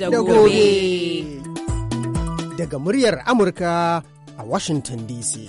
da Daga muryar Amurka a Washington DC.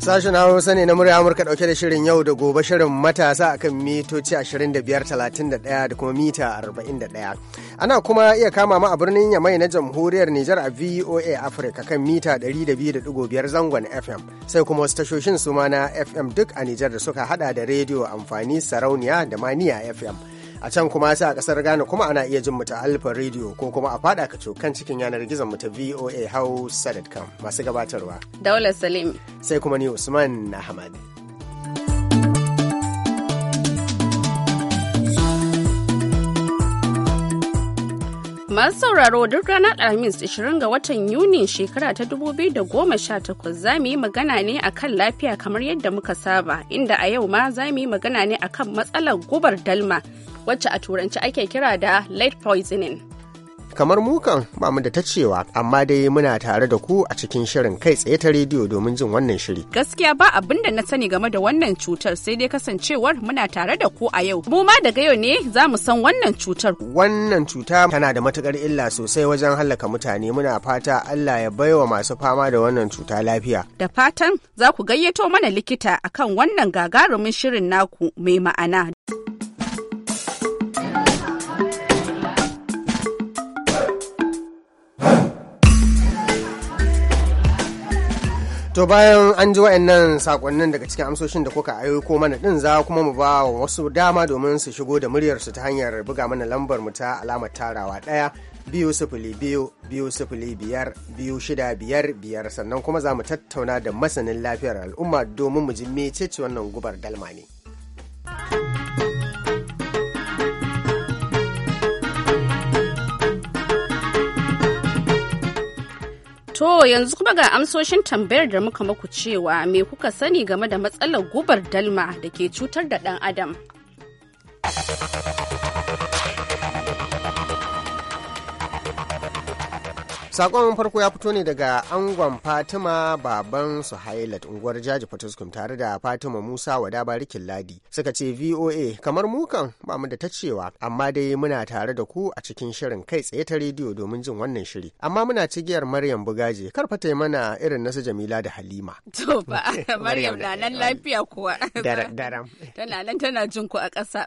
Sashen Hausa ne na murya Amurka ɗauke da shirin yau da gobe shirin matasa akan mitoci 25,31 da kuma mita 41. Ana kuma iya kama ma a birnin Yamai na jamhuriyar Nijar a VOA Africa kan mita 200.5 zangon FM sai kuma wasu tashoshin suma na FM duk a Nijar da suka hada da rediyo amfani sarauniya da maniya FM. a can kuma sai a kasar Ghana kuma ana iya jin mu ta Alfa Radio ko kuma a fada ka kan cikin yanar gizon mu ta VOA Hausa.com masu gabatarwa. Daula Salim. Sai kuma ni Usman Ahmad. Masu sauraro duk ranar Alhamis 20 ga watan Yuni shekara ta 2018 za mu yi magana ne a kan lafiya kamar yadda muka saba inda a yau ma za mu yi magana ne a kan matsalar gubar dalma wacce a turanci ake kira da "light poisoning. Kamar mukan ba mu da ta cewa amma dai muna tare da ku a cikin shirin kai tsaye ta rediyo domin jin wannan shiri. Gaskiya ba abin da na sani game da wannan cutar sai dai kasancewar muna tare da ku a yau. Mu ma daga yau ne za mu san wannan cutar. Wannan cuta tana da matukar illa sosai wajen hallaka mutane muna fata Allah ya baiwa masu fama da wannan cuta lafiya. Da fatan za ku gayyato mana likita akan wannan gagarumin shirin naku mai ma'ana. To bayan an ji wa'annan sakonnin daga cikin amsoshin da kuka aiko mana din za kuma mu ba wasu dama domin su shigo da muryarsu ta hanyar buga mana lambar mu ta alamar tarawa ɗaya biyu sifili biyu biyu sifili biyar biyu shida biyar biyar sannan kuma za mu tattauna da masanin lafiyar al'umma domin mu ji mecece wannan gubar dalma ne. To yanzu kuma ga amsoshin tambayar da muka maku cewa me kuka sani game da matsalar gubar dalma da ke cutar da ɗan adam. Sakon farko ya fito ne daga angon Fatima baban su hailat unguwar Jaji Potoskum tare da Fatima Musa wada barikin Ladi. Suka ce VOA kamar mukan ba mu da ta cewa amma dai muna tare da ku a cikin shirin kai tsaye ta rediyo domin jin wannan shiri. Amma muna cigiyar Maryam Bugaje ta yi mana irin nasu Jamila da Halima. To na nan lafiya kuwa. Daram. Tana nan tana jin ku a ƙasa.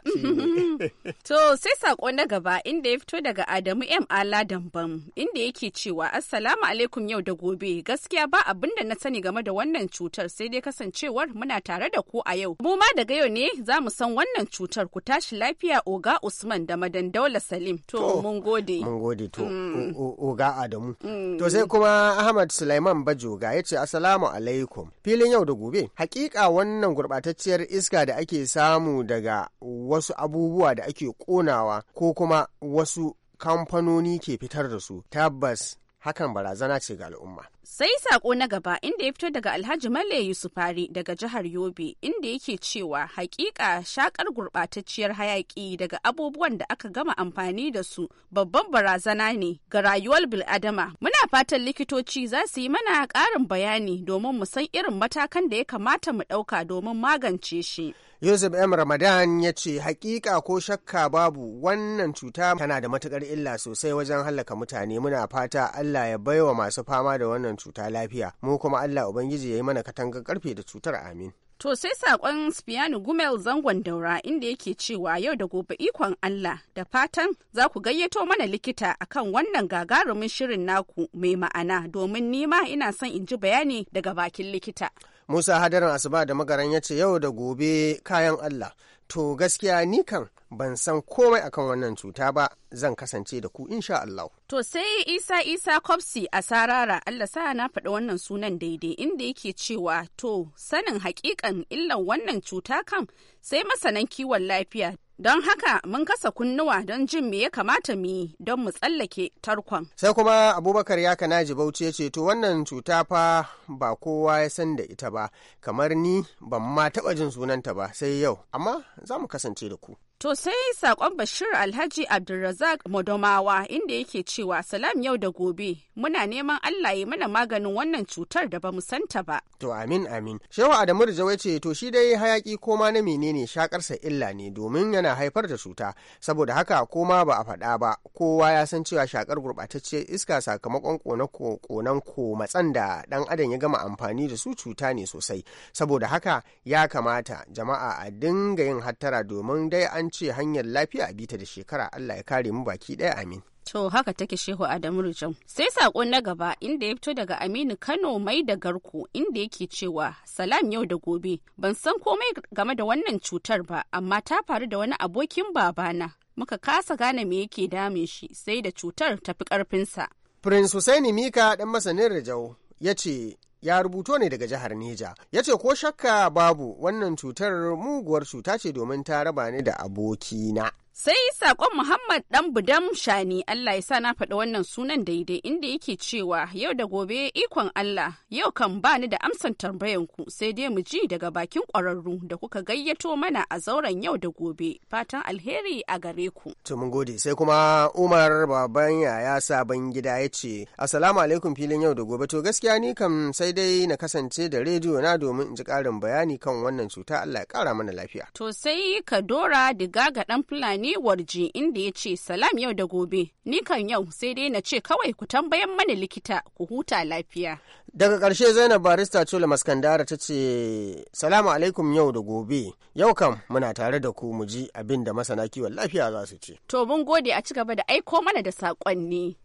To sai sako na gaba inda ya fito daga Adamu M Ala Dambam inda yake cewa yauwa Assalamu alaikum yau da gobe gaskiya ba abin da na sani game da wannan cutar sai dai kasancewar muna tare da ku a yau. Mu ma daga yau ne za mu san wannan cutar ku tashi lafiya Oga Usman da Madan Daula Salim. To mun gode. Mun gode to mm. Oga Adamu. Mm. To sai kuma Ahmad Sulaiman Bajoga ya ce Assalamu alaikum. Filin yau da gobe hakika wannan gurbatacciyar iska da ake samu daga wasu abubuwa da ake konawa ko kuma wasu kamfanoni ke fitar da su tabbas hakan barazana ce ga al'umma Sai sako na gaba inda ya fito daga Alhaji Malle Yusufari daga jihar Yobe inda yake cewa hakika shakar gurɓatacciyar hayaki daga abubuwan da aka gama amfani da su babban barazana ne ga rayuwar bil'adama. Muna fatan likitoci za su yi mana ƙarin bayani domin mu san irin matakan da ya kamata mu ɗauka domin magance shi. Yusuf M. Ramadan ya ce hakika ko shakka babu wannan cuta tana da matukar illa sosai wajen hallaka mutane muna fata Allah ya baiwa masu fama da wannan cuta lafiya mu kuma Allah ubangiji ya yi mana katangar karfe da cutar amin To sai saƙon Spiano Gumel zangon daura inda yake cewa yau da gobe ikon Allah da fatan za ku gayyato mana likita akan wannan gagarumin shirin naku mai ma'ana domin nima ina son in ji bayani daga bakin likita. Musa Hadarin Asuba da magaran ya ce yau da gobe kayan Allah To gaskiya ni kan ban san komai akan wannan cuta ba zan kasance da ku insha Allah. To sai Isa Isa Kopsi a Sarara Allah sa na faɗi wannan sunan daidai inda yake cewa to sanin hakikan illan wannan cuta kan sai masanan kiwon lafiya Don haka mun kasa kunnuwa don jin me ya kamata mu yi don mu tsallake tarkon. Sai kuma Abubakar ya kana Bauchi ya ce to wannan cuta fa ba kowa ya san da ita ba kamar ni ban ma taɓa jin sunanta ba sai yau amma za mu kasance da ku. To sai saƙon Bashir Alhaji Abdulrazak modomawa inda yake cewa salam yau da gobe muna neman Allah ya mana maganin wannan cutar da bamu santa ba. To amin amin. Shehu Adamu Rijawai ce to shi dai hayaki koma na menene shakarsa illa ne domin yana haifar da cuta saboda haka koma ba a faɗa ba kowa ya san cewa shakar gurɓatacciyar iska sakamakon konan matsan da ɗan adam ya gama amfani da su cuta ne sosai saboda haka ya kamata jama'a a dinga yin hattara domin dai an ce hanyar lafiya a bita da shekara Allah ya kare mu baki ɗaya amin. To haka take Shehu Adamu Rijam. Sai sako na gaba inda ya fito daga Aminu Kano mai da garku inda yake cewa salam yau da gobe ban san komai game da wannan cutar ba amma ta faru da wani abokin babana muka kasa gane me yake damun shi sai da cutar tafi karfinsa. Prince Hussaini Mika dan masanin Rijau ya ce ya rubuto ne daga jihar Neja. Ya ce ko shakka babu wannan cutar muguwar cuta ce domin ta raba ni da abokina. Sai saƙon Muhammad ɗan Budam Shani Allah ya sa na faɗi wannan sunan daidai inda yake cewa yau da gobe ikon Allah yau kan bani da amsan tambayanku sai dai mu ji daga bakin ƙwararru da kuka gayyato mana a zauren yau da gobe fatan alheri a gare ku. To mun gode sai kuma Umar baban sa sabon gida ya ce Assalamu alaikum filin yau da gobe to gaskiya ni kam sai dai na kasance da rediyo na domin in ji ƙarin bayani kan wannan cuta Allah ya ƙara mana lafiya. To sai Kadora Diga ga ɗan Fulani Femi Warji inda ya ce salam yau da gobe. Ni kan yau sai dai na ce kawai ku tambayan mana likita ku huta lafiya. Daga ƙarshe Zainab Barista Cula Maskandara ta ce salamu alaikum yau da gobe. Yau kam muna tare da ku mu ji abin da masana kiwon lafiya za su ce. To mun gode a ci gaba da aiko mana da saƙonni.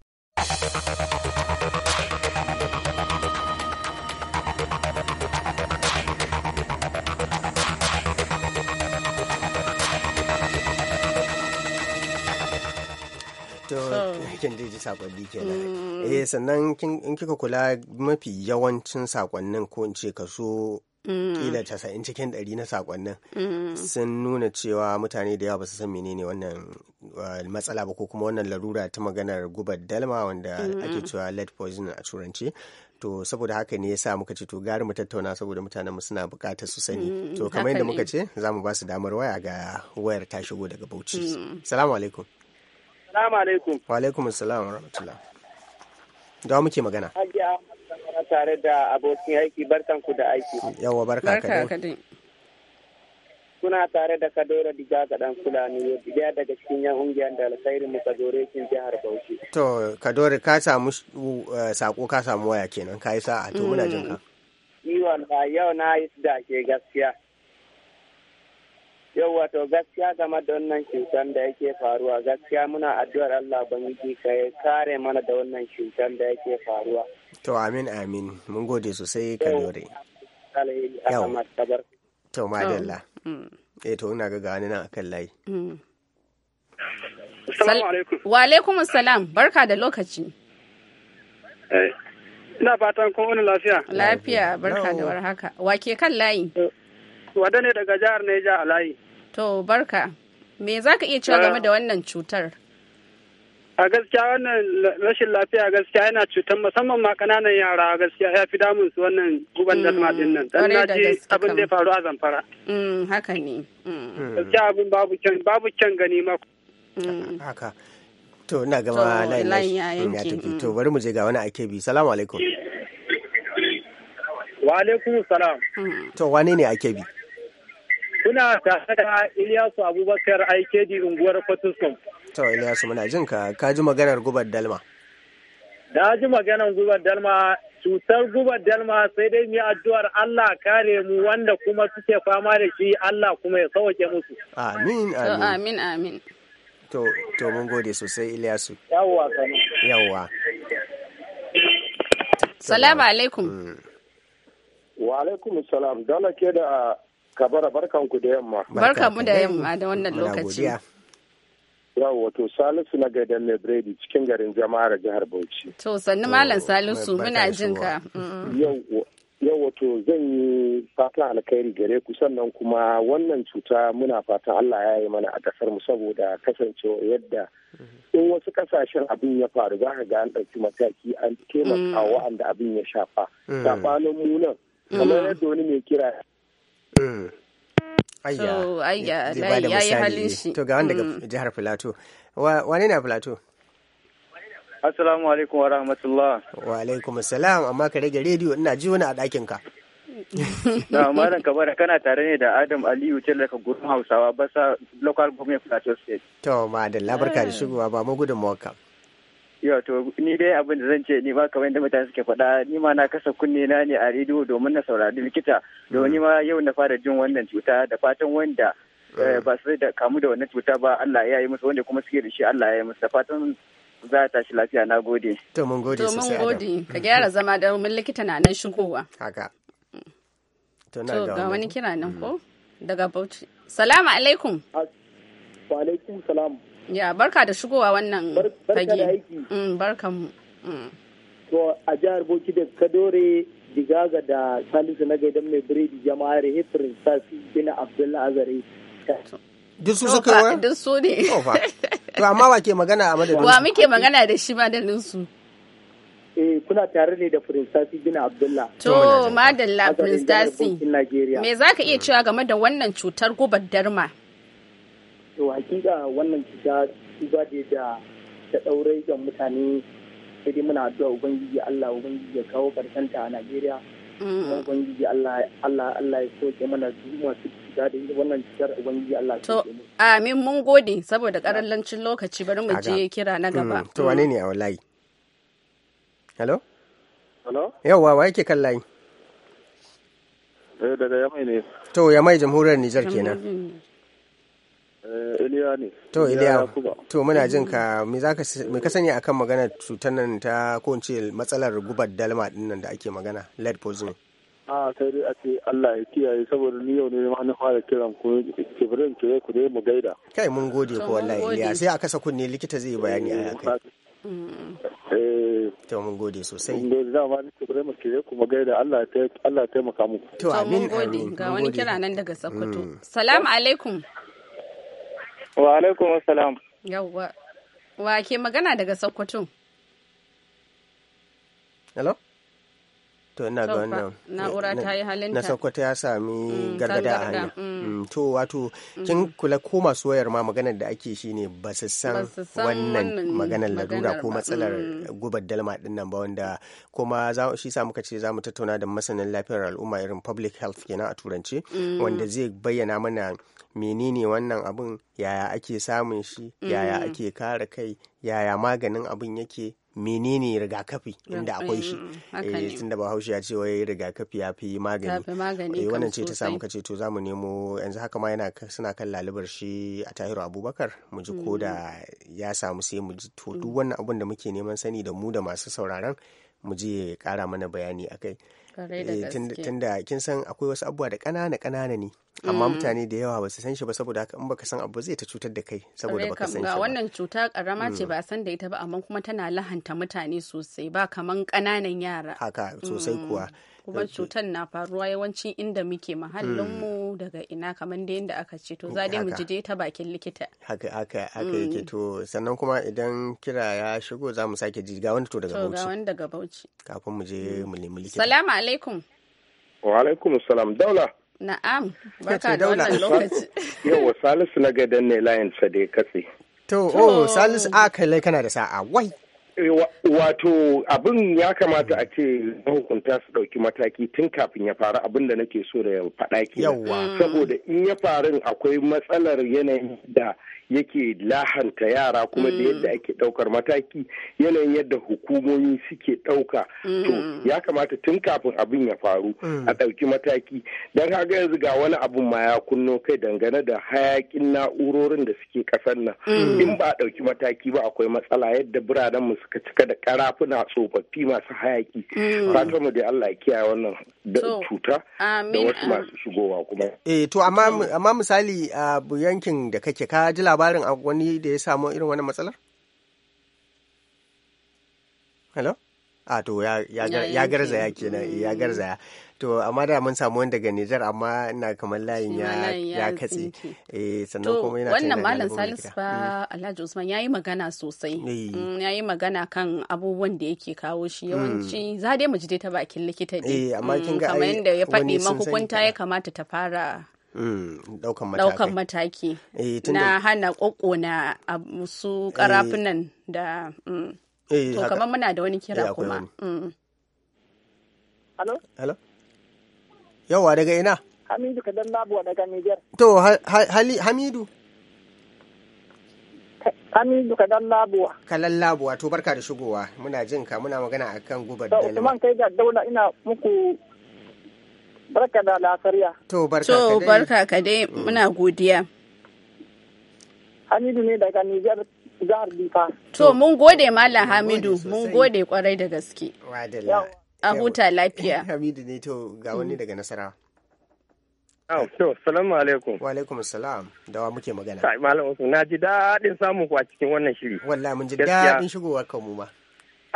to kin ji sakonni kenan mm-hmm. eh sannan in kika kula mafi yawancin sakonnin ko in ce kaso kila mm. casa'in cikin ɗari na sakonnin mm. sun nuna cewa mutane da yawa ba su san menene wannan eh, matsala ba ko kuma wannan larura ta maganar gubar dalma wanda mm-hmm. ake cewa lead poison a turanci to saboda haka ne yasa muka ce to gari mu tattauna saboda mutanen mu suna bukatar su sani mm-hmm. to kamar yadda muka ce za mu ba su damar waya ga wayar ta shigo daga Bauchi mm. salamu alaikum Assalamu alaikum. Wa alaikum assalam wa rahmatullah. Da muke magana. Hajiya tare da abokin aiki barkanku da aiki. Yawwa barka ka dai. Kuna tare da Kadora Diga ga dan Fulani ya daga cikin yan ungiyar da alkhairi mu Kadore kin jihar Bauchi. To Kadore ka samu e, sako ka samu waya kenan kai sa'a to muna jin ka. Mm. Iwa yau na yi da ke gaskiya. yau wato gaskiya game da wannan cutar da yake faruwa gaskiya muna addu'ar Allah ban ka kare mana da wannan cutar da yake faruwa to amin amin mun gode sosai ka dore yau to madalla mm. eh to ina ga gani nan akan layi mm. wa alaikum assalam barka da lokaci eh, ina fatan kun wani lafiya lafiya barka da warhaka wa ke kan layi wada ne daga jihar Neja a layi. To barka. Me za ka iya cewa game da eh. wannan cutar? A gaskiya wannan rashin lafiya gaskiya yana cutar musamman ma kananan yara gaskiya ya fi damun su wannan guban da mm, ma din nan. Dan na ji abin da ya faru a Zamfara. Mm, haka ne. Mm. Hmm. Gaskiya abin babu kyan babu kyan gani ma. Haka. To na gaba layin ya hmm, tafi. To bari mu je ga wani bi. Salamu alaikum. Wa alaikum salam. To wane ne bi? muna tare da Ilyasu Abubakar IKD unguwar Fatuskum. To Ilyasu muna jin ka ka ji maganar gubar dalma. Da ji maganar gubar dalma cutar gubar dalma sai dai mu addu'ar Allah kare mu wanda kuma suke fama da shi Allah kuma ya sauke musu. Amin amin. Amin amin. To to mun gode sosai Ilyasu. Yawwa kana. Yawwa. Salamu alaikum. Mm. Wa alaikum salam. Dala ke da kabara barkanku da yamma barkanmu da yamma da wannan lokaci yau wato salisu na gaidan lebredi cikin garin jama'ar jihar bauchi to sannu malam salisu muna jin ka yau wato zan yi fatan alkhairi gare ku sannan kuma wannan cuta muna fata allah ya yi mana a kasar mu saboda kasancewa yadda mm-hmm. in wasu kasashen abin ya faru za ka ga an ɗauki mataki an taimaka mm. wa'anda abin ya shafa mm. saɓanin mu nan kamar mm. yadda wani mai kira Eh. Ayya, To ga wanda mm. jihar Filato. Wane na Filato? Assalamu alaikum wa rahmatullah. Wa alaikum salam amma ka rage rediyo ina ji wani a ɗakinka. Na malam kabara kana tare ne da Adam Aliyu ce daga gurin Hausawa basa local government Plateau State. To ma da labarka ah. da shigowa ba mu gudun mawaka. Yau to ni dai abin da zan ce ni ma kamar yadda mutane suke faɗa ni ma na kasa kunne na ne a rediyo domin na saurari likita domin ni ma yau na fara jin wannan cuta da fatan wanda eh, ba su da kamu da wannan cuta ba Allah ya yi musu wanda kuma suke da shi Allah ya yi musu da fatan za a tashi lafiya na gode. To mun gode sosai. To mun gode ka gyara zama da mun likita na nan shigowa. Haka. Mm. To ga wani kira nan mm. ko daga Bauchi. Salamu alaikum. Wa alaikum salam. Ya barka da shigowa wannan fage. Mm, barka mu. Mm. To a jihar Boki da Kadore Digaga da Salisu na gaidan mai biredi jama'ar Hifirin Safi bin Abdullahi Azare. Duk su suka yi Duk su ne. To amma wa ke magana a madadin Wa muke magana da shi madadin su. Eh kuna tare ne da Prince Tasi bin Abdullah. To madalla Prince Tasi. Me zaka iya cewa game da wannan cutar gubar darma? to hakika wannan cuta cuta ce da ta ɗaurai ga mutane sai dai muna addu'a ubangiji Allah ubangiji ya kawo ta a Najeriya ubangiji Allah Allah Allah ya soke mana masu cuta da wannan cutar ubangiji Allah to amin mun gode saboda karallancin lokaci bari mu je kira na gaba mm, to wane ne a wallahi hello hello yawa wa yake kan layi eh, daga yamai ne to yamai jamhuriyar Nijar kenan Eh, Iliya ne. To Iliya, to muna jin ka me zaka me ka sani akan magana cutar nan ta ko in ce matsalar gubar dalma din nan da ake magana lead poisoning. a sai dai a ce Allah ya kiyaye saboda ni yau ne ma na fara kiran ku Jibrin kire ku dai mu gaida. Kai mun gode ko wallahi Iliya sai aka sa kunne likita zai yi bayani a kai. Mm, eh. To mun gode sosai. Mun gode dama ni Jibrin mu ke ku mu gaida Allah ya taimaka muku. To amin amin. Ga wani kira nan daga Sokoto. Mm. Salamu alaikum. Wa alaikum assalam. Yawwa. Wa ke magana daga Sokoto? Hello? to na ga wannan na sokoto ya sami mm, gargada a hannu mm. mm, to wato kin kula ko masu wayar ma maganar da ake shi ne ba su san wannan maganar larura ko matsalar gubar dalma din nan ba wanda kuma shi sa muka ce za mu tattauna da masanin lafiyar al'umma irin public health kenan a turance wanda zai bayyana mana menene wannan abun yaya ake samun shi yaya ake kare kai yaya maganin abin yake menene rigakafi inda akwai shi mm, mm, eh, tun da bahaushe ya ce wai rigakafi ya fi magani eh wannan ce ta samu kace to zamu nemo yanzu haka ma yana suna kan lalibar shi a Tahiru Abubakar mu ji ko da mm. ya samu sai mu ji to duk wannan abun da muke neman sani da mu da masu sauraron mu je ya kara mana bayani akai Eh, tunda kin san akwai wasu abubuwa da ƙanana ƙanana ne amma mm. mutane da yawa ba su san shi ba saboda haka in baka san abu zai ta cutar da kai saboda baka san shi ba wannan cuta karama ce mm. ba san da ita ba amma kuma tana lahanta mutane sosai ba kaman ƙananan yara haka sosai kuwa mm. kuma cutar na faruwa yawancin inda muke muhallinmu hmm. daga ina kamar da inda aka ce to za dai mu ji dai ta bakin likita haka haka haka hmm. yake to sannan kuma idan kira ya shigo za mu sake ji ga wani to daga Bauchi ga wani daga Bauchi kafin mu je hmm. mu nemi likita assalamu alaikum wa alaikum salam daula na'am baka da wannan lokaci yau salisu na gadan ne layin sa da katse to oh salisu akalai kana da sa'a wai Eh, wato abin ya kamata a ce mahukunta su ɗauki mataki tun kafin ya faru abin da nake so da faɗa ke. Mm. Saboda in ya faru akwai matsalar yanayin da yake lahanta yara kuma da mm. yadda ake ɗaukar mataki yanayin yadda hukumomi suke ɗauka to mm. ya kamata tun kafin abin ya faru a mm. ɗauki mataki don haka yanzu ga wani abun ma ya kunno kai dangane da hayakin na'urorin da suke kasan nan in ba a ɗauki mataki ba akwai matsala yadda biranenmu suka cika da karafuna tsofaffi masu hayaki fatan mu da Allah ya kiyaye wannan cuta da wasu masu shigowa kuma eh to amma misali a yankin da kake ka jila labarin a wani da ya samu irin wani matsalar? Hello? a ah, to ya garzaya kenan ya mm. ya. to amma da mun samu wani daga Nijar amma ina kamar layin ya katse eh sannan kuma yana wannan malam Salisu fa mm. Alhaji Usman ya yi magana sosai eh. mm, Ya yi magana kan abubuwan da yake kawo shi yawanci za dai mu ji dai ta bakin likita ne eh amma kin ga kamar yadda ya faɗi mahukunta ya kamata ta fara Mm. daukan mataki eh, na hana kokona su karafunan eh. da mm. eh, to kamar muna da wani kira kuma mm. Halo? Halo? Yawa daga ina? Hamidu kadan labuwa daga Niger. To, Hamidu? Hamidu ka dan labuwa. Kalan labuwa, to barka da shigowa. Muna jin ka muna magana akan gubar dalma. Da kuma kai ga dauna ina muku Barka da lafariya. To barka ka dai. To barka ka muna godiya. Hamidu ne daga Nijar jihar Bifa. To mun gode Malam Hamidu mun gode kwarai da gaske. Wadala. A huta lafiya. Hamidu ne to ga wani mm. daga Nasarawa. to salamu alaikum wa alaikum salam dawa muke magana sai malam na ji daɗin samun ku a cikin wannan shiri wallahi mun ji daɗin shigowa kan mu ma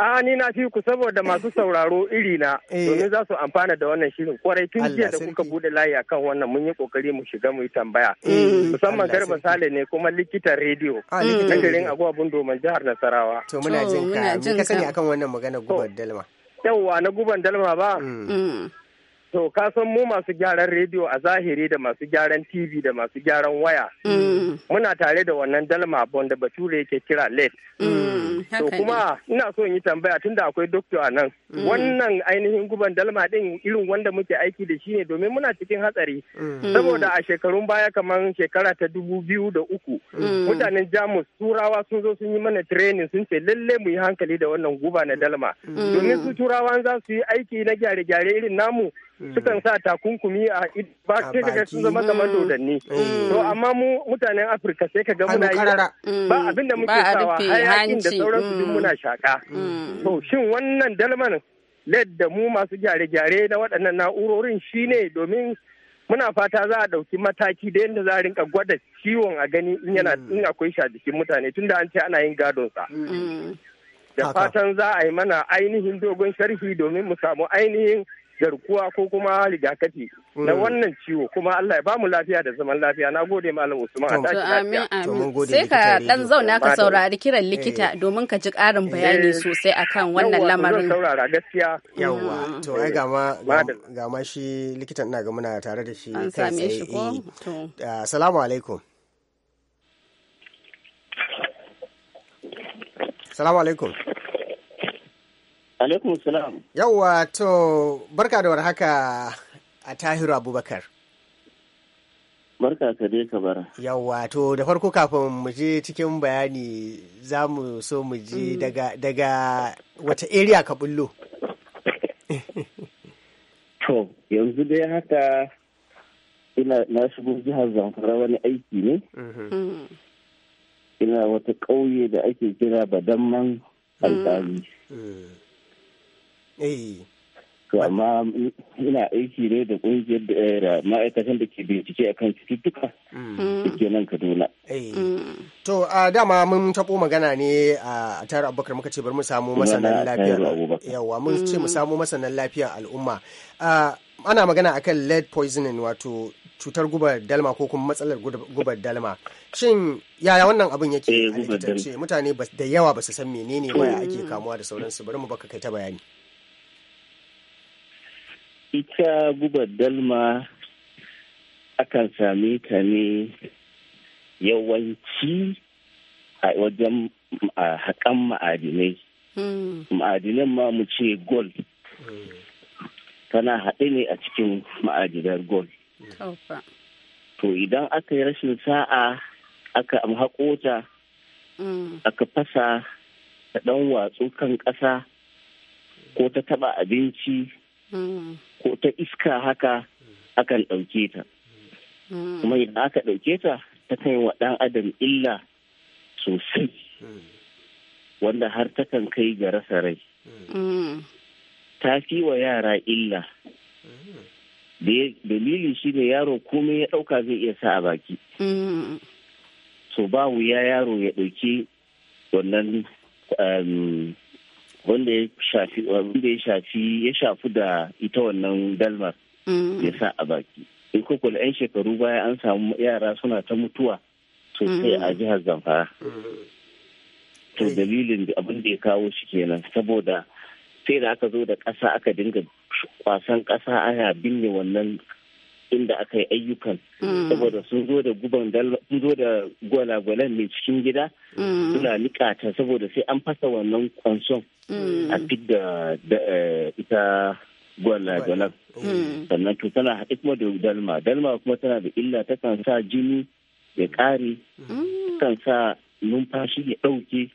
A ni na fi ku saboda masu sauraro iri na eh. domin za su amfana da wannan shirin kwarai tun jiya da kuka bude layi akan wannan mun yi kokari mu shiga mu yi tambaya. Eh, Musamman Garba Sale ne kuma likitan rediyo ah, na garin Agwabun Domin jihar Nasarawa. To muna jin ka mun ka sani akan wannan magana guban dalma. Yawwa na guban dalma ba. Mm. Mm. To ka san mu masu gyaran rediyo a zahiri da masu gyaran TV da masu gyaran waya. Mm. Muna tare da wannan dalma bonda Bature yake kira late. To kuma ina so in yi tambaya tunda akwai dokto a nan. Mm. Wannan ainihin guban dalma din irin wanda muke aiki da shi ne domin muna cikin hatsari. Mm. Saboda a shekarun baya kamar shekara ta dubu biyu da uku. Mm. Mutanen Jamus turawa sun zo sun yi mana training sun ce lalle mu yi hankali da wannan guba na dalma. Domin su turawa za su yi aiki na gyare-gyare irin namu sukan sa takunkumi a ba sai kaga sun zama kamar dodanni to amma mu mutanen Afirka sai ka muna yi ba abin muke sawa hayakin da sauransu duk muna mm. shaƙa. Mm. To shin wannan dalman led da mu masu gyare-gyare na waɗannan na'urorin shine domin muna fata za a ɗauki mataki da yadda za a rinka gwada ciwon a gani in yana mm. in akwai sha mutane tunda an ce ana yin gadon sa. Da fatan za a yi mana ainihin dogon sharhi domin mu samu ainihin garkuwa ko kuma rigakafi. Mm. na wannan ciwo kuma Allah ya bamu lafiya da zaman lafiya na gode malam Usman a tashi lafiya sai ka dan zauna ka saurari kiran eh. likita domin ka ji karin eh. bayani sosai akan wannan lamarin saurara gaskiya yawa mm. to ai ga ma ga ma shi likitan ina ga muna tare da shi kai tsaye eh. assalamu ah, alaikum assalamu alaikum alaikum salam yawa to barka da warhaka a tahiru abubakar barka ka dai ka bara yawa to da farko kafin mu je cikin bayani za mu so mu je mm. daga wata area ka bullo to yanzu dai haka ina na shigo jihar zamfara wani aiki ne mm-hmm. mm. ina wata ƙauye da ake kira badamman alƙali mm. Eh. To amma ina aiki ne da kungiyar eh, da ma'aikatan da ke bincike akan cututtuka mm. ke nan Kaduna. Eh. Mm. To a dama mun taɓo magana ne a tare abubakar muka ce bari mu samu masanan lafiyar. Yawa mun ce mu mm. samu masanan lafiyar al'umma. Ana magana akan lead poisoning wato cutar gubar dalma ko kuma matsalar gubar dalma shin yaya wannan abin yake eh, a mutane da yawa ba su san menene waya ake kamuwa da sauransu bari mu baka kai ta bayani ita guba dalma akan same ta ne yawanci a wajen haƙan ma'adinai hmm. ma'adinan ma mu ce gold tana haɗe ne a cikin ma'adinar gold to idan aka yi rashin sa'a aka haƙo ta hmm. aka fasa ta ɗan watsu kan ƙasa ko ta taɓa abinci hmm. ko ta iska haka akan ɗauke ta kuma hmm. idan aka ɗauke ta ta kai wa ɗan adam illa sosai wanda har ta kan kai ga rasa rai hmm. ta fi wa yara illa dalili ne yaro komai ya ɗauka zai iya sa a baki hmm. so ba wuya yaro ya ɗauki wannan um, wanda ya shafi wanda ya shafi ya shafi da ita wannan dalmar mm. ya sa a baki in ko kula yan shekaru baya an samu yara suna ta mutuwa sosai a mm. jihar zamfara mm. to dalilin da abin da ya kawo shi kenan saboda sai da aka zo da ƙasa aka dinga kwasan ƙasa ana binne wannan inda aka yi ayyukan mm. saboda sun zo da guban sun zo da gwalagwalan ne cikin gida mm. suna nikata saboda sai an fasa wannan kwanson mm. a fidda eh, ita gwalagwalan sannan to tana haɗe kuma da dalma dalma kuma tana da illa ta kan sa jini ya ƙare kan sa numfashi ya ɗauke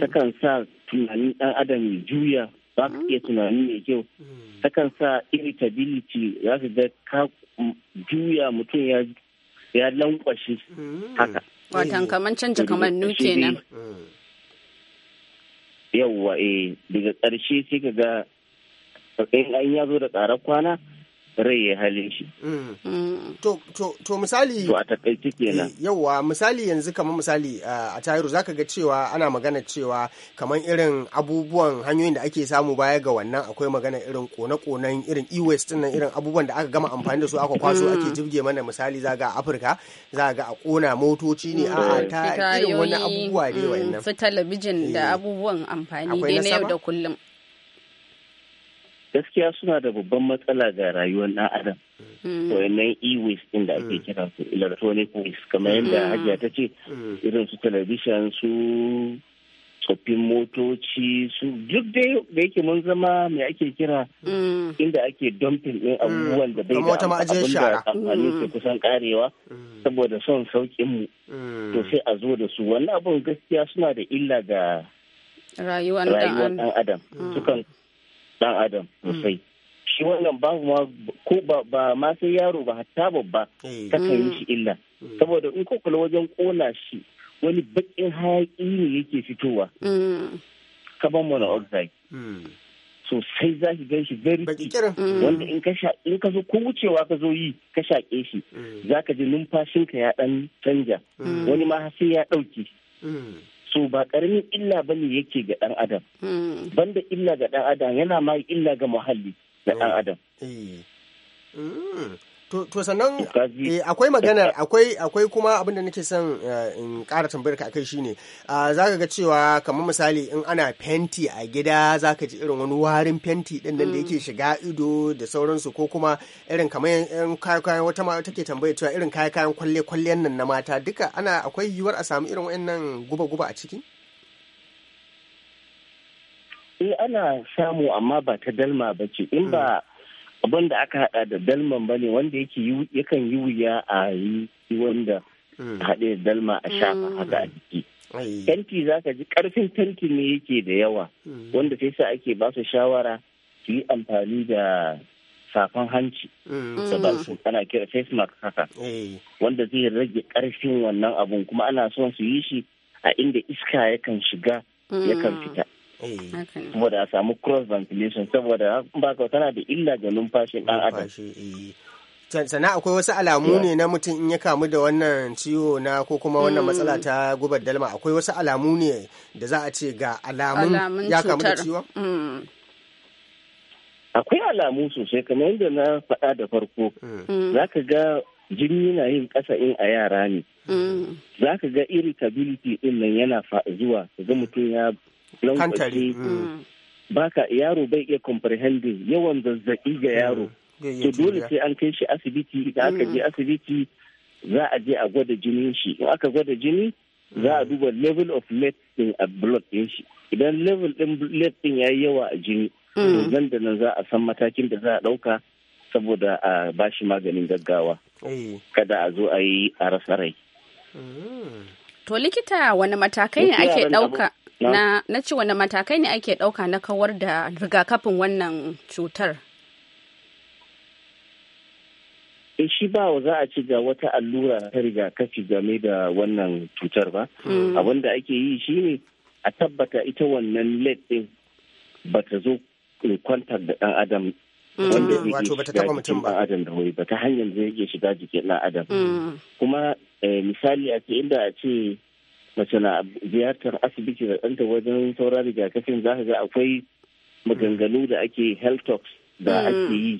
ta kan sa tunanin ɗan adam ya juya za ka iya tunani mai kyau hmm. takan sa irritability za su ga ka juya mutum ya ya lankwashe hmm. haka watan kamar canja kamar nu kenan yawwa eh daga ƙarshe sai ka ga in an ya zo da tsarar kwana rai ya halin shi. Mm. Mm. To misali. To a kenan. Eh, yauwa misali yanzu kamar misali a za zaka ga cewa ana magana cewa kamar irin abubuwan hanyoyin da ake samu baya ga wannan akwai magana irin kone-konen irin e-waste nan irin abubuwan da aka gama amfani da su aka kwaso ake mm. jibge mana misali za ga Afirka za ga a kona motoci ne a ta irin wani abubuwa ne wannan. Su talabijin da eh. abubuwan amfani dai na yau da kullum. gaskiya suna da babban matsala ga rayuwar ɗan adam mm. wayannan e-waste din da ake mm. kira su electronic waste kamar yadda mm. hajiya ta ce irin su su tsoffin motoci su duk dai da yake mun zama mai ake kira inda ake dumping din abubuwan da bai da amfani kusan karewa saboda son saukin mu to sai a zo da su wannan abun gaskiya suna da illa ga rayuwar ɗan adam sukan dan adam hmm. sosai shi wannan babu ma ko ba ma sai yaro ba hatta babba eh. takan yi shi hmm. illa hmm. saboda in ko kula wajen kona shi wani bakin hayaki ne yake fitowa carbon monoxide sosai za ki gan shi very wanda in ka in ka zo ko wucewa ka zo yi ka shaƙe shi za ka ji numfashinka ya ɗan canja wani ma sai ya ɗauke so ba ƙaramin illa ba ne yake ga ɗan adam hmm. banda illa ga ɗan adam yana ma illa ga muhalli ga ɗan oh. adam eh. hmm. To sannan eh, akwai maganar akwai akwai kuma abinda nake son eh, in kara tambayar ka kai shine ah, za ka ga cewa kamar misali in ana fenti a gida za ka ji irin wani warin fenti din nan da mm. yake shiga ido da sauransu ko kuma irin kamar yan kayan wata ma take tambaya cewa irin kayan kayan kwalle kwallen nan na mata duka ana akwai yiwuwar a samu irin wayannan guba guba a ciki? Eh ana samu amma ba ta dalma ba in ba mm. abin da aka hada da dalman bane wanda yake yakan yi wuya a yi wanda hmm. haɗe da dalma a shafa hmm. haka a jiki tanti za ka ji karfin tanki ne yake da yawa hmm. wanda sai sa ake ba su shawara su yi amfani da safan hanci da ba su ana kira face mask haka wanda zai rage ƙarfin wannan abun kuma ana son su yi shi a inda iska yakan shiga yakan fita Eh. saboda a samu cross ventilation saboda baka tana da illa ga numfashi ɗan adam eh. sannan akwai wasu alamu ne na mutum in ya kamu da wannan ciwo na ko kuma wannan mm. matsala ta gubar dalma akwai wasu alamu ne da za a ce ga alamun ya kamu da ciwon mm. akwai alamu sosai kamar yadda na faɗa da farko mm. za ka ga jini yana yin ƙasa in a yara ne za ka ga irritability din nan yana zuwa ga mutum ya Ba ka mm. yaro bai iya comprehending yawan zazzaɓi ga mm. yaro to dole sai an kai shi asibiti da aka mm. je asibiti za a je a gwada jinin shi in aka gwada jini za a duba level of lead din a blood din shi idan level din lead ya yi yawa a jini nan da nan za a san matakin da za a ɗauka saboda a bashi maganin gaggawa eh. kada a zo a yi a rasa rai To likita wani matakai ne ake ɗauka na na ci wani matakai ne ake ɗauka na kawar da rigakafin wannan cutar? in eh, shi ba za a ci ga wata allura ta rigakafi game da wannan cutar ba hmm. abin da ake yi shi ne a tabbata ita wannan led ɗin ba ta zo kwantar da ɗan adam hmm. wanda hmm. zai shiga jikin adam da wai ba ta hanyar zai ke shiga jikin ɗan adam kuma Eh, misali a ce inda a ce mace na ziyartar asibiti da ɗanta wajen sauran rigakafin za ka ga akwai maganganu da ake health talks da mm. ake yi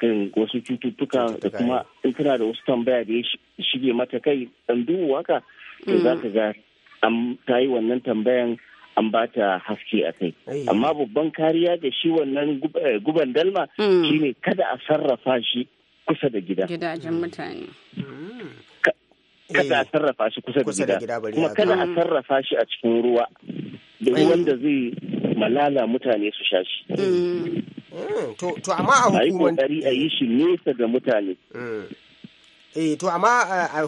kan wasu cututtuka da kuma eh. in kana da wasu tambaya da ya shige mata kai ɗan duhu haka to za mm. ka ga an ta yi wannan tambayan an ba ta haske a kai eh. amma babban kariya da shi wannan guban dalma mm. shine kada a sarrafa shi kusa da gida gidajen mutane kada a eh, sarrafa shi kusa da gida kuma kada a sarrafa shi a cikin ruwa da wanda zai malala mutane su sha shi mm. Mm, to amma a hukumar a yi shi nesa da mutane mm. eh to amma eh, a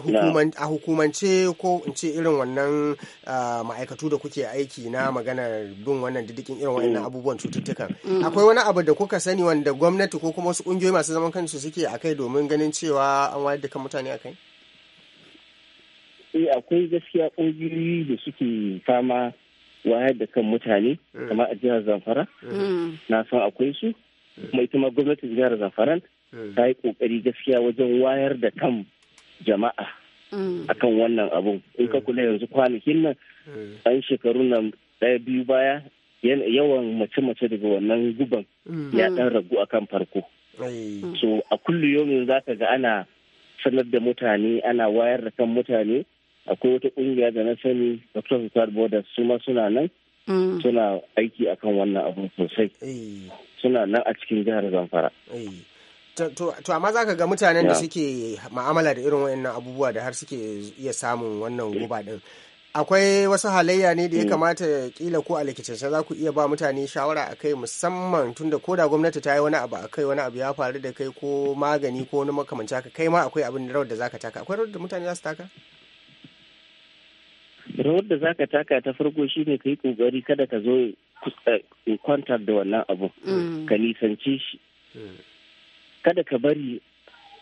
hukumance ko in ce irin wannan eh, ma'aikatu da kuke aiki na maganar bin wannan didikin irin wannan mm. abubuwan cututtukan mm. akwai wani abu da kuka sani wanda gwamnati ko kuma wasu kungiyoyi masu zaman kansu suke akai domin ganin cewa an wayar da kan mutane akai eh akwai gaskiya kungiyoyi da suke fama wayar da kan mutane mm. kamar a jihar zamfara na san akwai su kuma ita ma gwamnatin jihar zamfara ta yi kokari gaskiya wajen wayar da kan jama'a mm. akan wannan abun in ka mm. kula yanzu kwanakin nan mm. an shekaru nan ɗaya biyu baya yawan mace-mace daga wannan guban ya ɗan ragu akan farko so a kullu yomin za ka ga ana sanar da mutane ana wayar da kan mutane akwai wata ƙungiya da na sani doctor without borders su ma suna nan suna aiki akan wannan abun sosai suna nan a cikin jihar zamfara to amma za ka ga mutanen da suke ma'amala da irin wayannan abubuwa da har suke iya samun wannan guba din akwai wasu halayya ne da ya mm. kamata kila ko a likitance za ku iya ba mutane shawara a kai musamman tunda ko da gwamnati ta yi wani abu a kai wani abu ya faru da kai ko magani ko wani makamanci haka kai ma akwai abin rawar da zaka taka akwai rawar da mutane za su taka rawar da zaka taka ta farko shine ka yi kokari kada ka zo eh, kwantar da wannan abu mm. ka nisanci shi mm. kada ka bari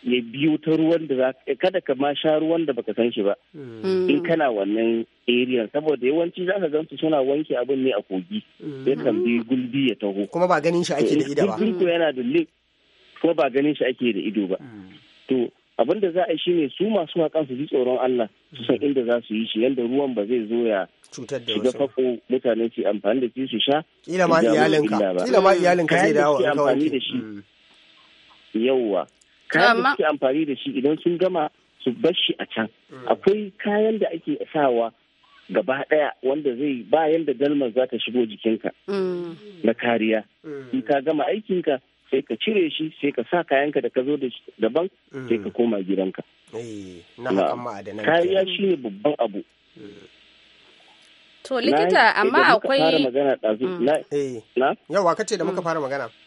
ya biyo ta ruwan da za kada ka ma sha ruwan da baka san shi ba hmm. in kana wannan area saboda yawanci za ka gansu suna wanke abin ne a kogi ya hmm. kan bi gulbi ya taho kuma ba ganin shi ake da ido ba ko yana da link kuma ba ganin shi ake da ido ba to abin da za a yi shine su masu haƙan su ji tsoron Allah su san inda za su yi shi yadda ruwan ba zai zo ya shiga fako mutane su amfani da shi su sha kila ma iyalinka kila ma iyalinka zai dawo amfani da shi hmm. yauwa kayan da suke amfani da shi idan sun gama su bar shi a can mm. akwai kayan da ake sawa gaba daya wanda zai bayan da dalmar za ta shigo jikinka mm. na kariya mm. in ka gama aikinka sai ka cire shi sai ka sa kayanka da ka zo daban sai ka koma gidanka eh, kariya shi ne babban abu to likita amma akwai yawa kace da muka fara magana eh.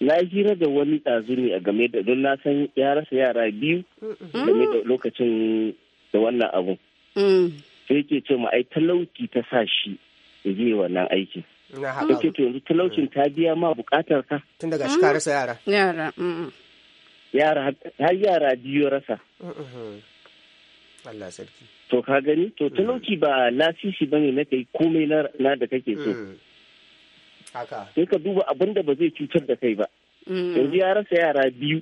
na hira da wani ɗazu a game da don na san ya rasa yara biyu game da lokacin da wannan abun. Mm. Sai ke ce ma ai talauci ta sa shi ya je wannan aikin. Na ke to yanzu talaucin ta biya ma bukatar ka. Tun daga shi ka rasa yara. Yara. Yara har yara biyu rasa. Allah sarki. To ka gani to talauci ba lasisi bane na kai komai na da kake so. Mm. sai ka duba abin da ba zai cutar da kai ba mm. yanzu ya rasa yara biyu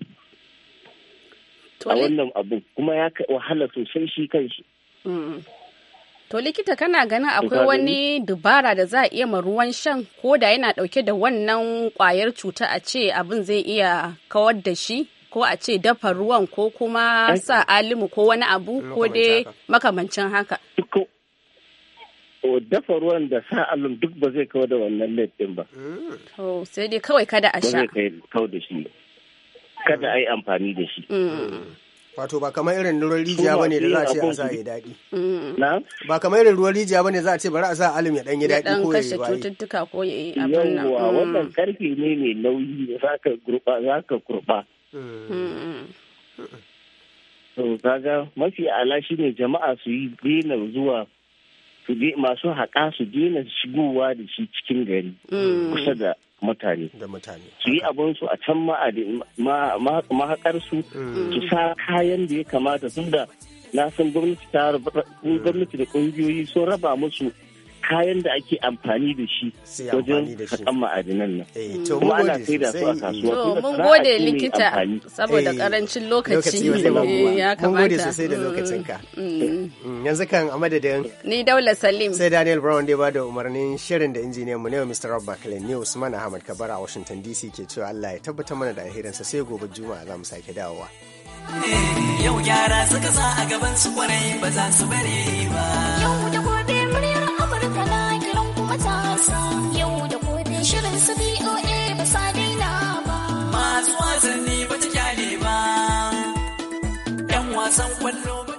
a wannan abin kuma ya wahala sosai shi kanshi mm. to likita kana ganin akwai wani dubara da za a iya ma ruwan shan ko da yana dauke da wannan kwayar cuta a ce abin zai iya kawar da shi ko a ce dafa ruwan ko kuma sa alimu ko wani abu ko dai makamancin haka. dafa ruwan da sa allon duk ba zai kawo da wannan laifin ba. To sai dai kawai kada a sha. Ba zai kawo da shi. Kada a yi amfani da shi. Mm. Wato ba kamar irin ruwan rijiya ba ne da za a ce a sa ya daɗi. Mm. Ba kamar irin ruwan rijiya ba ne za a ce bari a sa alim ya ɗan yi daɗi ko ya yi cututtuka ko ya yi abin nan. Yawwa mm. wannan karfe ne mai nauyi za ka kurɓa. To kaga mafi ala ne jama'a su yi daina zuwa su masu haƙa su daina shigowa da shi cikin gari mm. kusa da mutane su yi su a can mahaƙarsu mm. su sa kayan da ya kamata da na san gwamnati da ƙungiyoyi sun raba musu kayan da ake amfani da shi wajen haƙan ma'adinan nan. Eh, Kuma ana sai da su a kasuwa. To eh, eh, Mun gode likita saboda karancin lokaci ya kamata. Mun gode sosai da lokacinka. Mm. Mm, yanzu kan a madadin. Ni Daula Salim. Sai Daniel Brown dai ba da umarnin shirin da injiniyan mu ne Mr. Rob Bakale ne Usman Ahmad Kabar a Washington DC ke cewa Allah ya tabbatar mana da alherinsa sai gobe Juma'a za mu sake dawowa. Yau gyara suka sa a gaban su kwarai ba za su bari ba. Yau da matasa yau da gobe shirin su BOA ba sa daina ba. Masu wasanni ba ta ba, 'yan wasan kwallo ba.